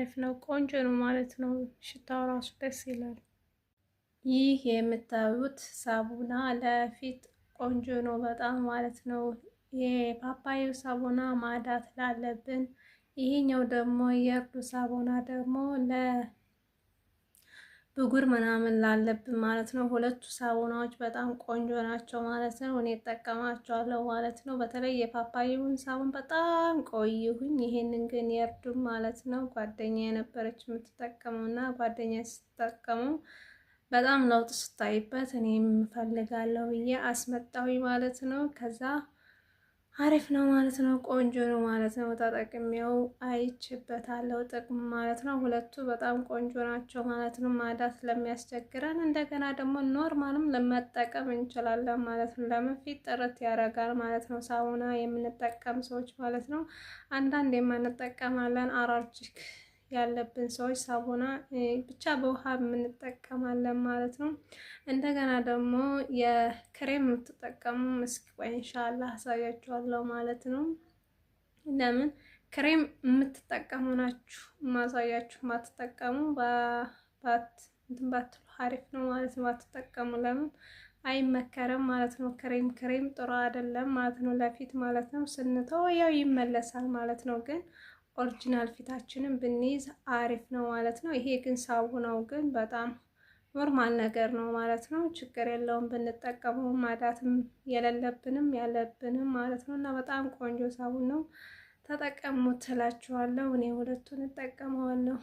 አሪፍ ነው፣ ቆንጆ ነው ማለት ነው። ሽታው ራሱ ደስ ይላል። ይህ የምታዩት ሳቡና ለፊት ቆንጆ ነው በጣም ማለት ነው። የፓፓዩ ሳቡና ማዳት ላለብን፣ ይህኛው ደግሞ የእርዱ ሳቡና ደግሞ ለ ብጉር ምናምን ላለብን ማለት ነው። ሁለቱ ሳሙናዎች በጣም ቆንጆ ናቸው ማለት ነው። እኔ እጠቀማቸዋለሁ ማለት ነው። በተለይ የፓፓይውን ሳሙን በጣም ቆይሁኝ። ይሄንን ግን የእርዱም ማለት ነው ጓደኛ የነበረች የምትጠቀመው እና ጓደኛ ስትጠቀመው በጣም ለውጥ ስታይበት እኔም እፈልጋለሁ ብዬ አስመጣሁኝ ማለት ነው ከዛ አሪፍ ነው ማለት ነው። ቆንጆ ነው ማለት ነው። ተጠቅሜው አይችበታለሁ ጥቅም ማለት ነው። ሁለቱ በጣም ቆንጆ ናቸው ማለት ነው። ማዳ ስለሚያስቸግረን እንደገና ደግሞ ኖርማልም ለመጠቀም እንችላለን ማለት ነው። ለምን ፊት ጥርት ያደርጋል ማለት ነው። ሳሙና የምንጠቀም ሰዎች ማለት ነው። አንዳንድ የማንጠቀማለን አራርጅክ ያለብን ሰዎች ሳቡና ብቻ በውሃ የምንጠቀማለን ማለት ነው። እንደገና ደግሞ የክሬም የምትጠቀሙ እስኪ ቆይ እንሻላ አሳያችኋለሁ ማለት ነው። ለምን ክሬም የምትጠቀሙ ናችሁ ማሳያችሁ፣ ማትጠቀሙ ባት እንትን ባትሉ አሪፍ ነው ማለት ነው። ባትጠቀሙ ለምን አይመከርም ማለት ነው። ክሬም ክሬም ጥሩ አይደለም ማለት ነው። ለፊት ማለት ነው ስንተው ያው ይመለሳል ማለት ነው ግን ኦሪጂናል ፊታችንን ብንይዝ አሪፍ ነው ማለት ነው። ይሄ ግን ሳሙናው ግን በጣም ኖርማል ነገር ነው ማለት ነው። ችግር የለውም ብንጠቀመው ማዳትም የሌለብንም ያለብንም ማለት ነው። እና በጣም ቆንጆ ሳቡን ነው ተጠቀሙት እላችኋለሁ። እኔ ሁለቱን እጠቀመዋለሁ።